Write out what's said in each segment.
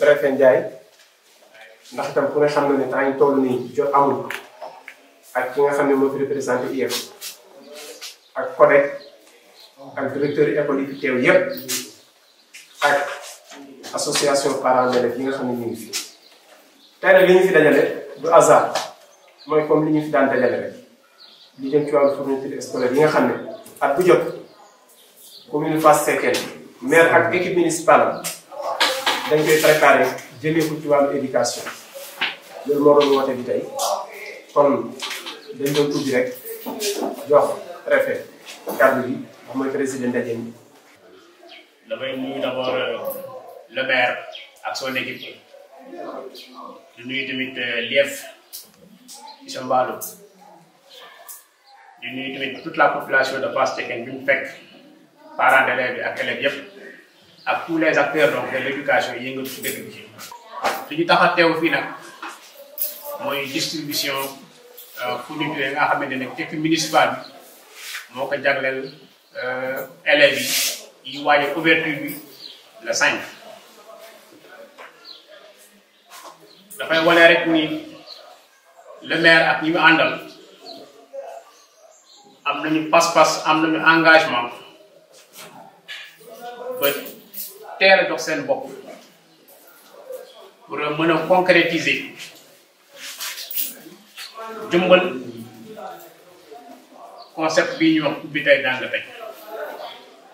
préfet Ndiaye ndax itam ku xam na ne temps yi toll nii jot amul ak ki nga xam ne moo fi représenté IEF ak CODEC ak directeur école yi fi teew yépp ak association parents d'élèves nga xam ne ñu ngi fi tey nag li ñu fi comme li ñu fi daan dajale li nga xam ne at bu jot commune Fass Cekkeen maire ak équipe municipale dañ koy préparé jëlee ko éducation loolu moo doon woote bi tey kon dañ doon ubbi rek jox préfet mooy président ndaje mi. damay nuyu euh, le maire ak son équipe di nuyu tamit euh, l'IEF ci sa mbaalu di nuyu tamit toute la population de Fass Cekkeen bi mu fekk parents d'élèves ak élèves ak tous les acteurs donc de l'éducation yëngatu ci dëkk li ñu tax teew fii nag mooy distribution euh, fourniture yi nga xamante ne tekki municipal bi moo ko jagleel euh, élèves yi yi waaye ouverture bi le 5. dafay wane rek ni le maire ak ñi mu àndal am nañu pas-pas am nañu engagement teel a jox seen bopp pour mën a concrétiser jëmbal concept bii ñuy wax ubbi tey dàng tey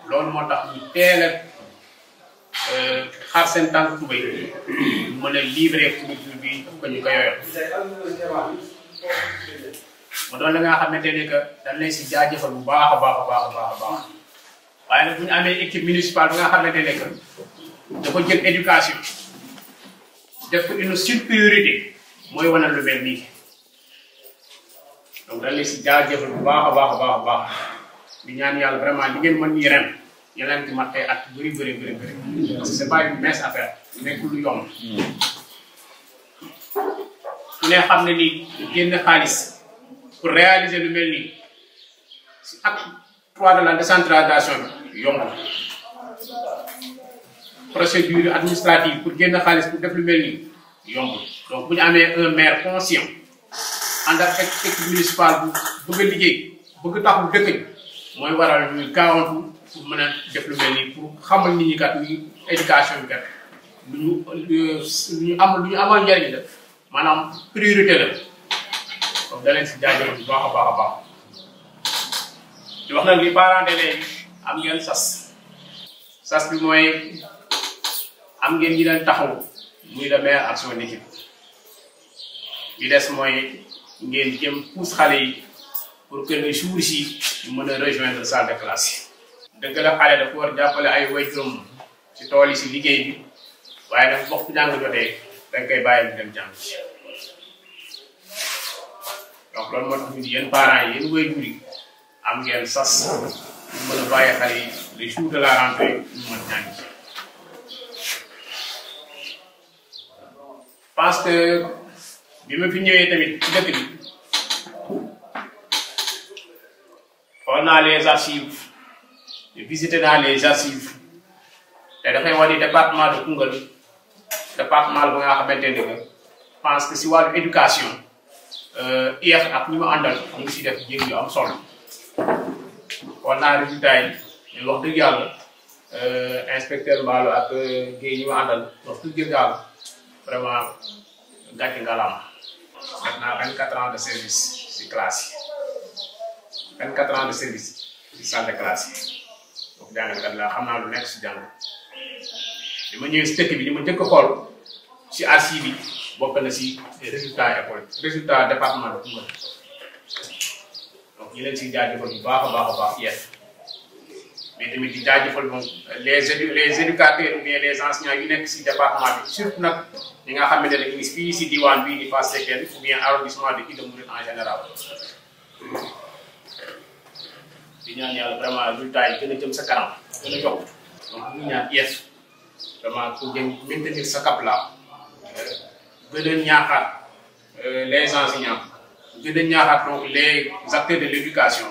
loolu moo tax ñu xar a euh, xaar seen tànk tubéy mën a livrer produit bi ko ñu ko yoyal mu doon la ngaa xamante ne que dañ lay si jaajëfal bu baax a baax a baax baax baax waaye nag bu ñu amee équipe municipale bi nga xamante ne que dafa jël éducation def ko une supériorité mooy wane lu mel nii donc dañ lay si jaajëfal baax a baax a baax a baax di ñaan yàlla vraiment li ngeen mën ñi ren yàlla nañ ci mat ay at bëri bëri bëri bëri parce que c'est pas une mince a nekk lu yomb ku ne xam ne nii génn xaalis pour réaliser lu nii si trois de la décentralisation bi yombal procédure administrative pour génn xaalis pour def lu mel nii yombul donc bu ñu un maire conscient ànd ak équipe municipale bu liggéey bëgg taxul dëkk mooy waral ñuy gaawantu mën a def lu mel nii pour ñi kat éducation kat lu ñu lu ñu am lu ñu amal njëriñ la maanaam priorité la donc da leen si jaajëfal bu baax a baax a baax di wax nag li parents d'élèves am ngeen sas sas bi mooy am ngeen ñi leen taxaw muy le maire ak son équipe li des mooy ngeen jëm pousse xale yi pour que le jour ji ñu mën a rejoindre salle de classe yi. la xale dafa war jàppale ay waajuram ci tool yi si liggéey bi waaye dafa bokk jàng jotee da nga koy bàyyi mu dem jàng donc loolu moo tax ñu yéen parents yi yéen waajur am ngeen sas. ñu mën a bàyyi xale yi les de la rentrée ñu mën jàng parce que bi ma fi ñëwee tamit ci dëkk bi xool naa les archives visité naa les archives te dafay wax ni département de Koungheul département la ba nga xamante ne parce que si wàllu éducation euh, IEF ak ñi ma àndal ñu ngi si def jéeg yu am solo. xool naa résultat yi ñun wax dëgg yàlla euh, inspecteur Mballo ak euh, Guèye ñi ma àndal wax dëgg yàlla vraiment gàcce ngalaama. def naa 24 ans de service si classe yi 24 ans de service si salle de classe yi donc jàngalekat laa lu nekk si jàng ma ñëwee si dëkk bi li ma njëkk a si archive bi bokk na si résultat école résultat département de Koungheul. ñu leen si jaajëfal bu baax baax a baax yéen mais tamit di jaajëfal moom les édu les éducateurs mais les yu nekk si département bi surtout nag ñi nga xamante ne ñu ngi fii si diwaan bii di Fass Cekkeen ou bien en général. di ñaan yàlla vraiment résultat yi gën a jëm sa kanam gën a yokku donc ñu ñaan IEF vraiment pour sa cap là gën a ñaaxaat euh, les enseignants. gën a ñaaxaat donc les acteurs de l'éducation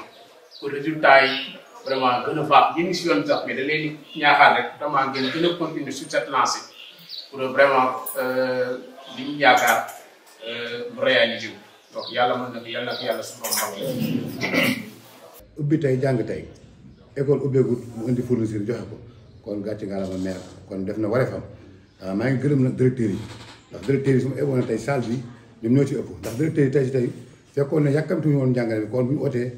pour résultat yi vraiment gën a baax si yoon bi sax mais da leen di ñaaxaat rek vraiment ngeen gën a continuer sur cette lancée euh, euh, yàlla mën na ko yàlla na ko yàlla su ubbi tey jàng tey école ubbeegut mu indi fournisseur joxe ko kon def na waree fam ah, maa ngi gërëm nag directeur yi ndax directeur yi su ma tey salle bi ñoom ñoo ci ëpp ndax directeur yi tey si tey. fekkoon ne yàkkamtuñu woon njàngale bi kon bu ñu ootee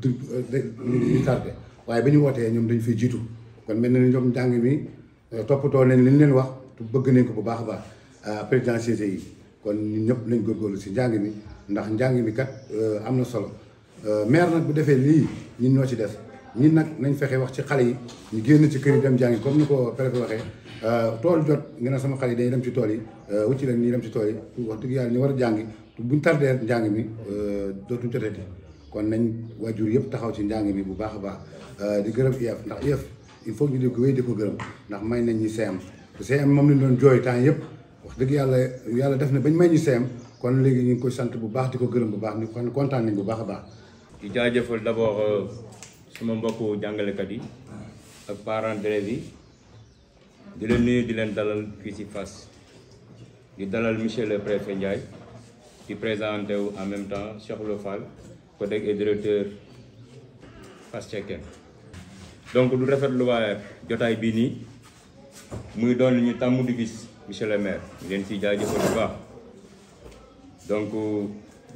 du du waaye ba ñu ootee ñoom dañu fiy jiitu kon mel na ni ñoom njàng mi euh, toppatoo nañ li ñu leen wax bëgg nañ ko bu baax a baax euh, président CGI yi kon ñun ñëpp nañ góorgóorlu si njàng mi ndax njàng mi kat euh, am na solo maire nag bu defee nii ñun ñoo ci def ñun nag nañ fexe wax ci xale yi ñu génn ci kër yi dem jàngi comme ni ko préfet waxee tool jot nga ne sama xale yi dañuy dem ci tool yi ci leen ñuy dem ci tool yi wax dëgg yàlla ñu war a jàngi buñ tardé njàng mi euh, dootu jotati kon nañ waajur yëpp taxaw ci njàng mi bu baax a baax euh, di gërëm IEF ndax IEF il faut ñu di ko wéy di gërëm ndax may nañ ñu CM CM moom lañ doon jooy temps yëpp wax dëgg yàlla yàlla def na bañ may ñu CM kon léegi ñu ngi koy sant bu baax di ko gërëm bu baax ñu kon kontaan nañ bu baax a baax. di jaajëfal d'abord euh, sama mbokku jàngalekat yi ak parents d'élèves yi di leen nuyu di leen dalal kii ci Fass di dalal monsieur le préfet Ndiaye. ci présenté wu en même temps Cheikh Lo Fall ko dégg et directeur Fass-Cekkeen donc du lu waaye jotaay bii nii muy doon lu ñu tàmm du gis monsieur le maire ñu leen ciy jaajëfal bu baax donc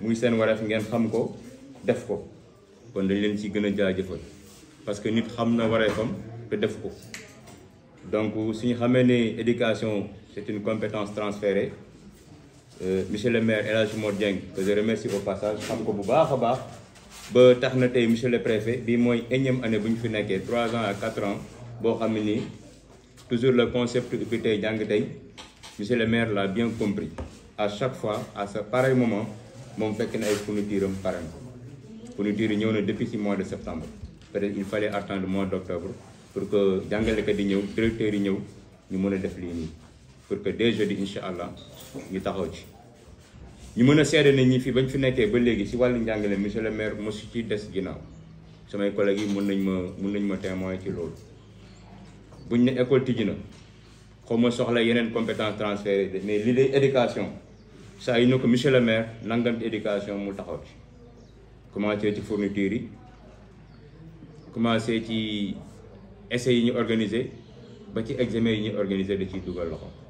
muy seen wareef ngeen xam ko def ko kon dañ leen ci gën a jaajëfal parce que nit xam na wareefam te def ko donc suñu xamee ne éducation c'est une compétence transférée Euh, monsieur le maire El Hadj Mor que je remercie au passage xam ko bu baax a baax ba tax na tey monsieur le préfet bi mooy énième année bu ñu fi nekkee trois ans à quatre ans boo xam ne nii toujours le concept ubbi jàng tey monsieur le maire l'a bien compris à chaque fois à ce pareil moment moom fekk na ay fourniture am pare na ñëw na depuis ci mois de septembre peut-être il fallait attendre mois d'octobre pour que jàngalekat yi ñëw directeur yi ñëw ñu mën a def lii nii pour que dès jeudi incha allah ñu taxaw ci. ñu mën a seede ne ñi fi bañ fi nekkee ba léegi si wàllu njàngale monsieur le maire mosu ci des ginnaaw samay collègues yi mun nañ ma mun nañ ma temoin ci loolu buñ ne école tijji na xaw ma soxla yeneen compétence transférée mais li de éducation saa yi ne ko monsieur le maire nangam ci éducation mu taxaw ci commencé ci fourniture yi commencé ci essais yi ñu organiser ba ci examen yi ñu organiser da ci dugal loxo.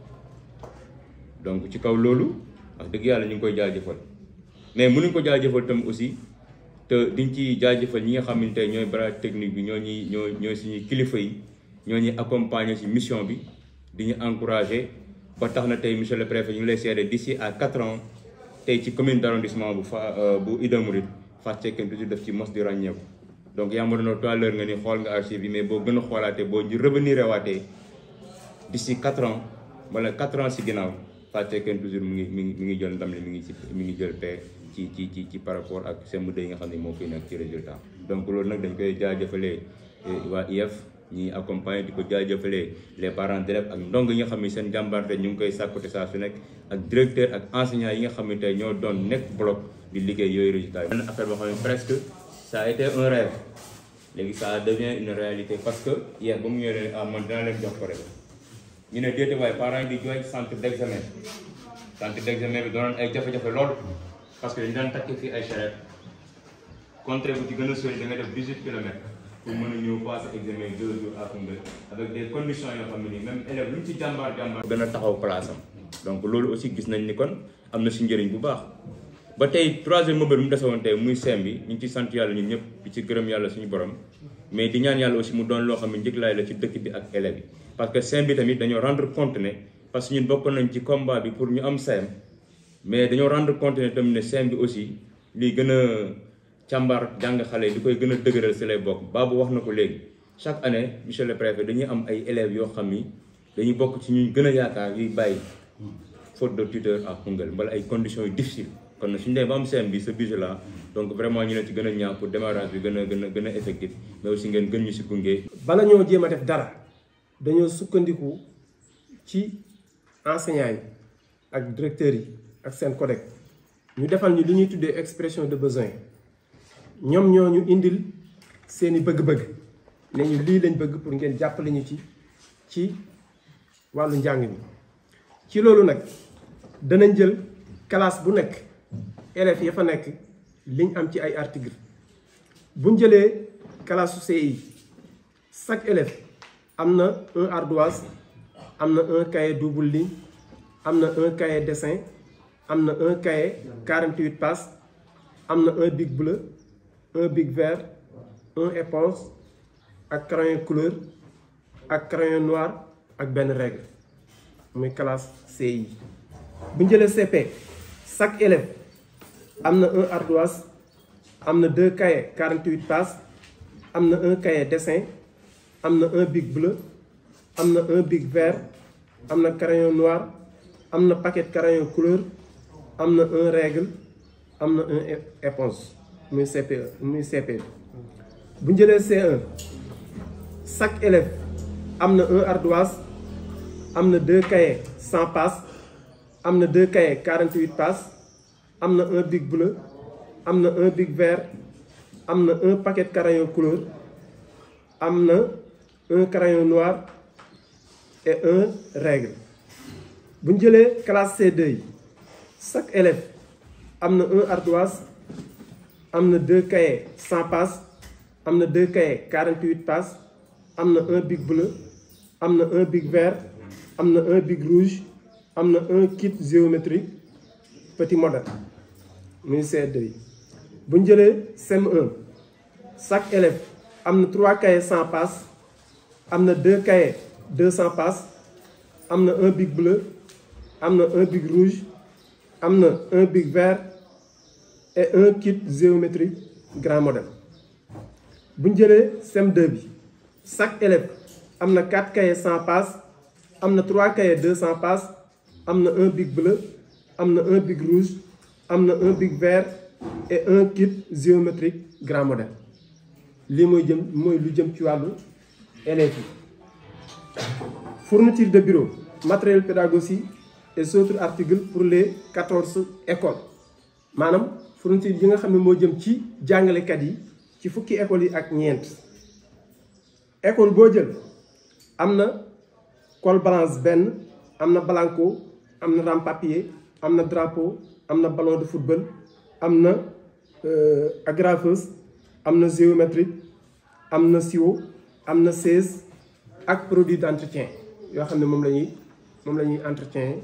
donc ci kaw loolu wax dëgg yàlla ñu ngi koy jaajëfal mais mënuñ ko jaajëfal tam aussi te diñ ci jaajëfal ñi nga xamante ne ñooy bras technique bi ñoo ñuy ñoo ñooy suñuy kilifa yi ñoo ñuy accompagner ci mission bi di ñu encourager ba tax na tey monsieur le préfet ñu ngi lay seede d'ici à quatre ans tey ci commune d'arrondissement bu fa euh, bu Ida Mouride Fass Cekkeen toujours def ci mos di ràññeeku donc yaa ma doon tout à nga ni xool nga archive bi mais boo gën a boo ñu revenir waatee d'ici quatre ans wala quatre ans si ginnaaw Fatou Seye toujours mi ngi mi ngi mi ngi jël ndam li mi ngi ngi jël paie ci ci ci ci par rapport ak seen mbéy yi nga xam ne moo fi nekk ci résultat donc loolu nag dañ koy jaajëfalee eh, waa IEF ñuy accompagner di ko jaajëfalee les parents d'élèves ak ndong yi nga xam ne seen jàmbaarte ñu ngi koy sàkkute saa su nekk ak directeur ak enseignant yi nga xam ne ñoo doon nekk bloc di liggéey yooyu résultat yi. benn affaire boo xam ne presque ça a été un rêve léegi ça devient une réalité que IEF ba mu ñëwee ah man dinaa leen jox ñu ne déete waaye parents yi di jooy centre d' examen centre d' examen bi doonoon ay jafe-jafe lool parce que dañu daan takk fii ay charrette contrée bu ci gën a sori da def 18 kilomètres pour mën a ñëw passer examen deux jours à de avec des conditions yoo xam ne nii même élèves lu ñu ci jàmbaar jàmbaar. gën a taxaw place donc loolu aussi gis nañ ni kon am na si njëriñ bu baax. ba tey troisième mbëbër mu desewoon tey muy seem bi ñu ngi ciy sant yàlla ñu ñëpp di ci gërëm yàlla suñu borom mais di ñaan yàlla aussi mu doon loo xam ne njëglaay la ci dëkk bi ak élèves yi parce que seem bi tamit dañoo rendre compte ne parce que ñun bokk nañ ci combat bi pour ñu am seem mais dañoo rendre compte ne ne seem bi aussi lii gën a càmbar jàng xale di koy gën a dëgëral si lay bokk wax na ko léegi chaque année monsieur le préfet dañuy am ay élèves yoo xam ni dañuy bokk ci ñu gën a yaakaar yuy bàyyi faute de tuteur à Koungheul mbala ay conditions yu difficile kon na suñu demee ba am CM bi ce budget là donc vraiment ñu leen ci gën a ñaax pour démarrage bi gën a gën a gën a effectif mais aussi ngeen gën ñu si gunge. bala ñoo jéem a def dara dañoo sukkandiku ci enseignants yi ak directeurs yi ak seen collègue ñu defal ñu li ñuy tuddee expression de besoin ñoom ñoo ñu indil seeni bëgg-bëgg ne ñu lii lañ bëgg pour ngeen jàppale ñu ci ci wàllu njàng yi ci loolu nag danañ jël classe bu nekk. élèves ya fa nekk liñ am ci ay articles buñ jëlee classe CI chaque élève am na un ardoise am na un cahier double ligne am na un cahier dessin am na un cahier 48 am na un bic bleu un bic vert un éponge ak crayon couleur ak crayon noir ak benn règle muy classe CI bu ñu jëlee CP chaque élève am na un ardoise am na deux cahiers 48 pages am na un cahier dessin am na un bic bleu am na un bic vert am na crayon noir am na paquet crayon couleur am na un règle am na un éponge muy CPE muy CP bu njëlee C1 chaque élève am na un ardoise am na deux cahiers 100 pages am na deux cahiers 48 pages am na un bic bleu am na un bic vert am na un paquet crayon couleur am na un crayon noir et un règle bu ñu jëlee classe C2 yi chaque élève am na un ardoise am na deux cahiers cent pages am na deux cahiers quarante-huit am na un bic bleu am na un bic vert am na un bic rouge am na un kit géométrique petit modèle muy CE2 yi bu ñu jëlee CM1 chaque élève am na 3 cahiers 100 pass am na 2 cahiers 200 pass am na un bic bleu am na un bic rouge am na un bic vert et un kit géométrie grand modèle bu ñu jëlee CM2 bi sac élève am na 4 cahiers 100 pass am na 3 cahiers 200 pass am na un bic bleu am na un bic rouge am na un bic vert et un kit géométrique grand modèle lii mooy jëm mooy lu jëm ci wàllu élèves yi fourniture de bureau matériel pédagogique et autres articles pour les quatorze écoles maanaam fourniture yi nga xam ne moo jëm ci jàngalekat yi ci fukki écoles yi ak ñeent école boo jël am na colle blanche benn am na blanco am na rame am na drapeau am na ballon de football am na euh, agrafeuse am na géométrique am na siwo am na seize ak produit d' yoo xam ne moom la ñuy moom la ñuy entretien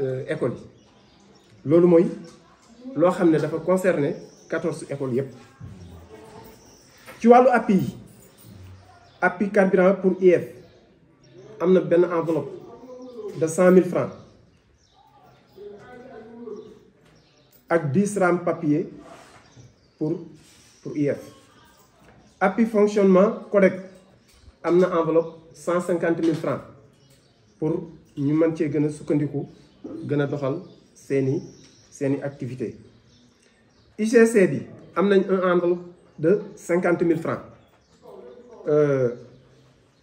euh, école yi loolu mooy loo xam ne dafa concerner quatorze écoles yépp ci wàllu appui yi appui carburant pour IEF am na benn enveloppe de cent mille francs ak 10 rames papier pour pour IF appui fonctionnement correct am na enveloppe cinquante 000 francs pour ñu mën cee gën a sukkandiku gën a doxal seeni seeni activité UCC bi am nañ un enveloppe de 50 000 francs euh,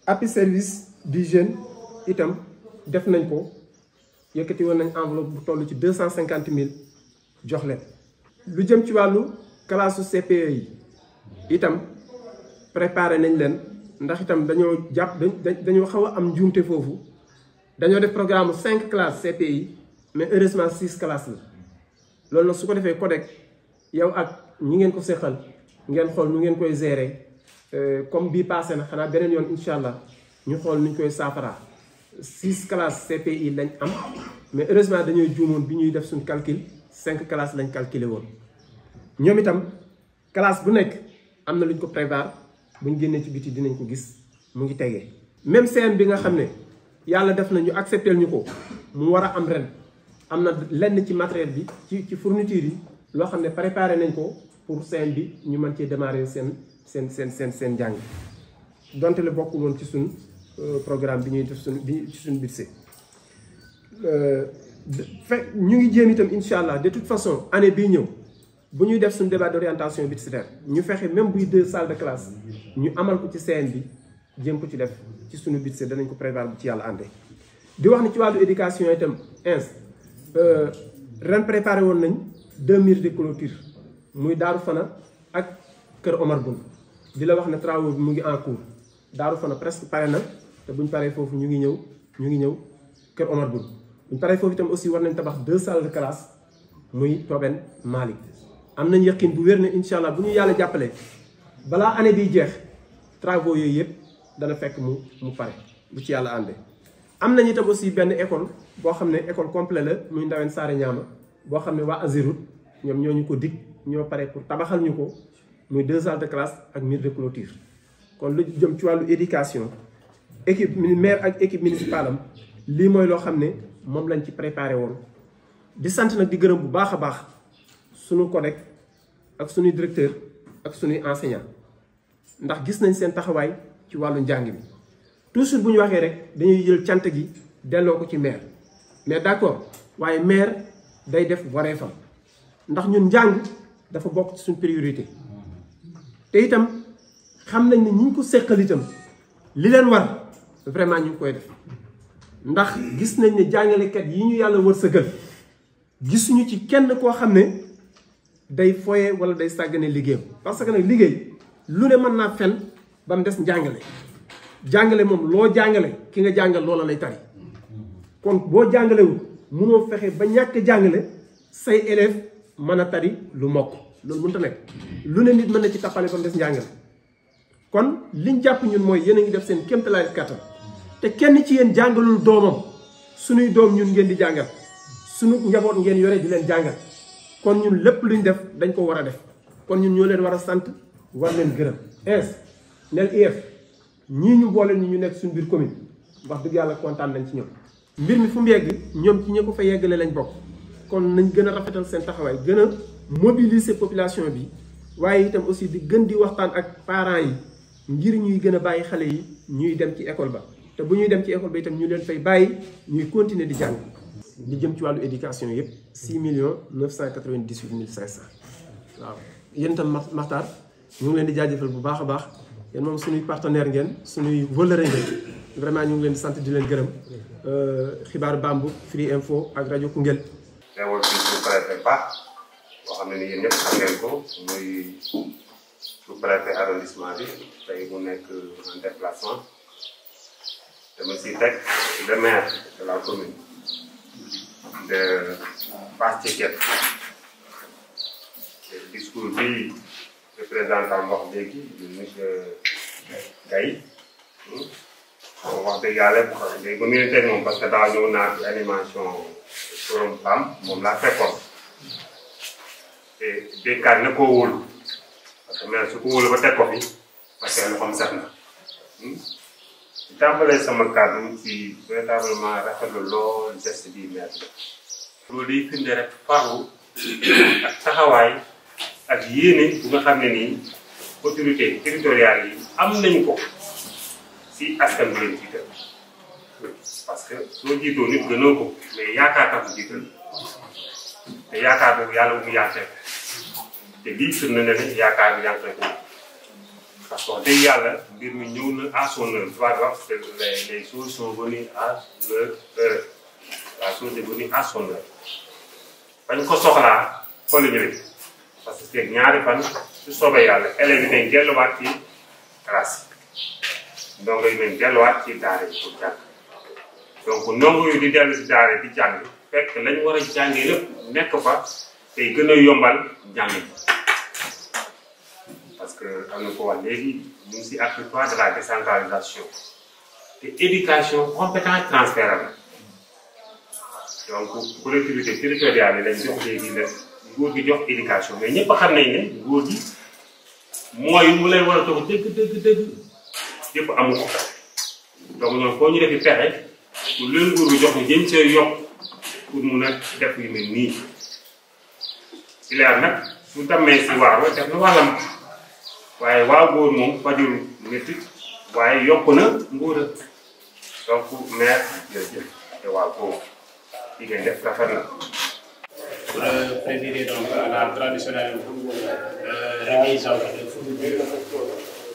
appui service di jeune itam def nañ ko yëkkati woon nañ enveloppe bu toll ci cent cinquante mille jox leen lu jëm ci wàllu classe CPE yi itam préparé nañ leen ndax itam dañoo jàpp dañoo xaw a am njuumte foofu dañoo def programme cinq classes CPI e mais heureusement six classes la loolu nag su ko defee CODEC yow ak ñi ngeen ko seqal ngeen xool nu ngeen koy gérer euh, comme bii passé na xanaa beneen yoon incha allah ñu xool nuñ koy saafara six classes e yi lañ am mais heureusement dañoo juumoon bi ñuy def suñ calcul. cinq classes lañ calculé woon ñoom itam classe bu nekk am na lu ñu ko prévoir buñ génnee ci biti dinañ ko gis mu ngi tegee. même CM bi nga xam ne yàlla def na ñu accepté ñu ko mu war a am ren am na lenn ci matériel bi ci ci fourniture yi loo xam ne préparé nañ ko pour CM bi ñu mën cee démarrer seen seen seen seen seen jàng donte la bokkul woon ci suñ euh, programme bi ñuy def suñ bi ci suñ budget euh, fekk ñu ngi jéem itam incha allah de toute façon année bii ñëw bu ñuy def suñu débat d' orientation budgétaire ñu fexe même buy deux salles de classe ñu amal ko ci seen bi jéem ko ci def ci suñu budget danañ ko prévoir bu ci yàlla àndee. di wax ni ci wàllu éducation itam ins euh, ren préparé woon nañ deux murs de clôture muy Daaru Fana ak Kër Omar Bun di la wax ne travaux bi mu ngi en cours Daaru Fana presque pare na te buñ paree foofu ñu ngi ñëw ñu ngi ñëw Kër Omar buñ paree foofu itam aussi war nañ tabax deux salles de classe muy Tobène Malick am nañ yaqin bu wér ne incha allah bu ñu yàlla jàppale balaa année biy jeex travaux yooyu yëpp dana fekk mu mu pare bu ci yàlla àndee. am nañ itam aussi benn école boo xam ne école complet la muy Ndawen Saare Ñaama boo xam ne waa Azirut ñoom ñoo ñu ko dig ñoo pare pour tabaxal ñu ko muy deux salles de classe ak mur de clôture kon lu jëm ci wàllu éducation équipe maire ak équipe municipale am. lii mooy loo xam ne moom lañ ci préparé woon di sant nag di gërëm bu baax a baax suñu collègue ak suñuy directeur ak suñuy enseignant ndax gis nañ seen taxawaay ci wàllu njàng bi toujours bu ñu waxee rek dañuy jël cant gi delloo ko ci maire mais d'accord waaye maire day def wareefam ndax ñun njàng dafa bokk suñu suñ priorité te itam xam nañ ni ñi ñu ko seqal itam li leen war vraiment ñu ngi koy def ndax gis nañ ne jàngalekat yi ñu yàlla sa wërsëgal gisuñu ci kenn koo xam ne day foye wala day sàggane liggéeyam parce que nag liggéey lu ne mën naa fel ba mu des njàngale jàngale moom loo jàngale ki nga jàngal loola lay tari kon boo jàngalewul mënoo fexe ba ñàkk jàngale say élève mën a tari lu mokk loolu mënut a nekk lu ne nit mën na ci tappale ba mu des njàngale kon liñ jàpp ñun mooy yéen a ngi def seen kéemtalaay kattan te kenn ci yéen jàngalul doomam suñuy doom ñun ngeen di jàngal suñu njaboot ngeen yore di leen jàngal kon ñun lépp luñ def dañ ko war a def kon ñun ñoo leen war a sant war leen gërëm es nel ñu boole ñu ñu nekk suñu biir commune wax dëgg yàlla kontaan nañ ci ñoom mbir mi fu mu yegg ñoom ci ñi ko fa yeggale lañu bokk kon nañ gën a rafetal seen taxawaay gën a mobiliser population bi waaye itam aussi di gën di waxtaan ak parents yi ngir ñuy gën a bàyyi xale yi ñuy dem ci école ba te bu ñuy dem ci école ba itam ñu leen fay bàyyi ñuy continuer di jàng li jëm ci wàllu éducation yëpp 6 millions 998 mille 500 waaw yéen itam Maxtaar ñu ngi leen di jaajëfal bu baax a baax yéen moom suñuy partenaire ngeen suñuy wëllëre ngeen vraiment ñu ngi leen sant di leen gërëm euh, xibaar Bambou Free Info ak rajo Koungheul. teewal xam ko muy su nekk dama si teg le maire de la commune de Fass Thiékène discours bi représentant wax léegi di monsieur Gaye wax dëgg yàlla léegi ba muy teg moom parce que daaw ñëw naa fi animation forum femme moom laa fekkoon te béykat na koo wóolu parce que maire su ko wóolu ba teg ko fi parce que loxoom set na tàmbalee sama kàddu ci véritablement rafetlu lool geste bi maire bi loolu day firnde rek faru ak taxawaay ak yéene bu nga xam ne nii autorité territoriale yi am nañ ko si askan bi leen parce que soo jiitoo nit gënoo ko mais yaakaar tax mu te yaakaar boobu yàlla bu mu te lii firnde na ne yaakaar bi yàqee ko parce que tey yàlla mbir mi ñëw na à son heure par exemple les les choses sont la chose ko soxlaa xooli bi parce que ñaari fan su soobee yàlla élèves nañ delluwaat ci ci daara yi jàng donc ndongo yu di dellu ci di jàng fekk lañ war a jàngee lépp nekk fa tey gën a yombal jàng bi que am na ko wax léegi ñu ngi si acte trois de la décentralisation te éducation compétence transférable donc collectivité territoriale yi lañ jox léegi nag jox éducation mais ñëpp xam nañ ne nguur mooy mu leen war a toog dëgg dëgg dëgg yëpp amu ko donc ñoom foo ñu defi pexe pour leen nguur gi jox ñu jëm see yokk pour mun a def yu mel nii il y nag su demee si waar wa def na wàllam. waaye waa góor moom fajul métit waaye yokk na nguura donc maire jërëjëf te waa góor li ngeen def rafet na. pour euh, présider donc la traditionnelle euh, remise de fournitures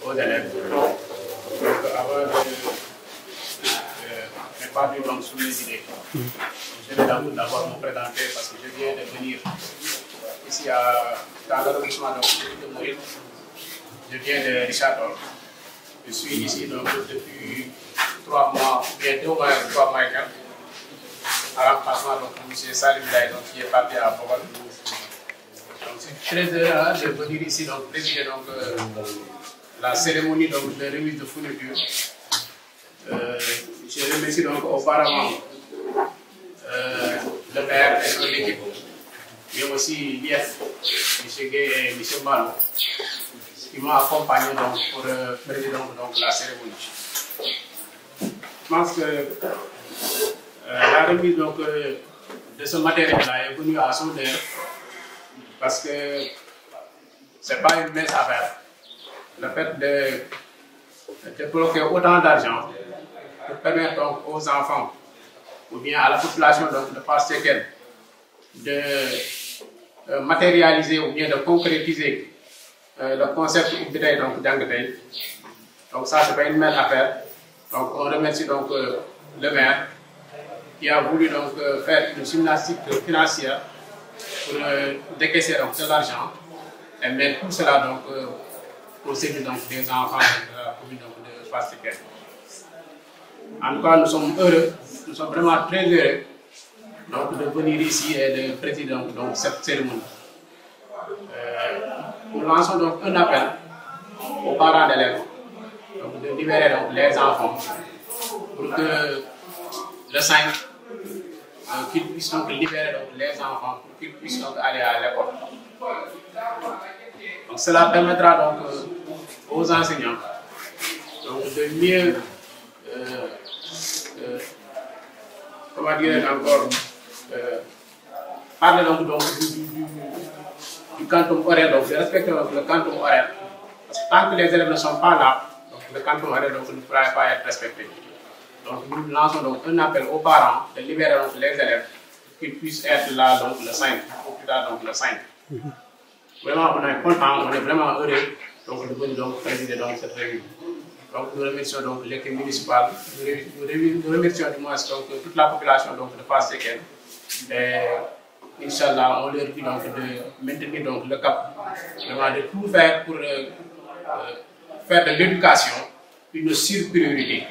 aux élèves. donc avant de répartir euh, donc sur les idées. je vais d'abord me présenter parce que je viens de venir ici à dans l'arrondissement de Mouride. Je viens de Richardol. Je suis ici donc depuis trois mois, ou bien deux mois, trois mois et quelques, à l'emplacement de M. Salim donc, qui est parti à Bogol. Donc, c'est très heureux de venir ici donc, présider donc, euh, la cérémonie donc, de remise de fourniture. Euh, je remercie donc auparavant euh, le maire et son équipe, mais aussi l'IF, M. Gay et M. Malo. qui m'ont accompagné donc, pour euh, donc, la cérémonie. Je que euh, la remise donc, euh, de ce matériel-là est venue parce que ce n'est pas une mince Le fait de, de bloquer autant d'argent pour permettre donc, aux enfants ou à la population donc, de passer de euh, matérialiser ou de concrétiser Euh, le concept ubbi tey donc jàng tey donc ça c'est pas une mince affaire on remercie donc euh, le maire qui a voulu donc euh, une gymnastique financière pour décaisser donc de l'argent et mettre tout cela donc au service donc des enfants de la commune de Fass En tout cas nous sommes heureux nous sommes vraiment très heureux donc de venir et de présider donc cette cérémonie. nous lançons donc un appel aux parents d'élèves donc de libérer donc les enfants pour que le 5 euh, qu'ils puissent donc libérer donc les enfants pour qu'ils puissent donc aller à l'école. Donc cela permettra donc euh, aux enseignants donc de mieux euh, euh comment dire encore euh, parler donc, donc du, du, du du quantum horaire, donc c'est respecter le quantum horaire. Parce que tant que les élèves ne sont pas là, donc le quantum horaire donc, ne pourra pas être respecté. Donc nous lançons donc un appel aux parents de libérer donc, les élèves pour qu'ils puissent être là donc, le 5, ou plus tard donc, le 5. Vraiment, on est content, on est vraiment heureux donc, de venir donc, présider donc, cette réunion. Donc nous remercions donc l'équipe municipale, nous remercions, nous remercions du moins donc, toute la population donc, de Passé et Inch'Allah, on leur dit donc de maintenir donc le cap, vraiment tout faire pour euh, euh, faire de l'éducation une surpriorité.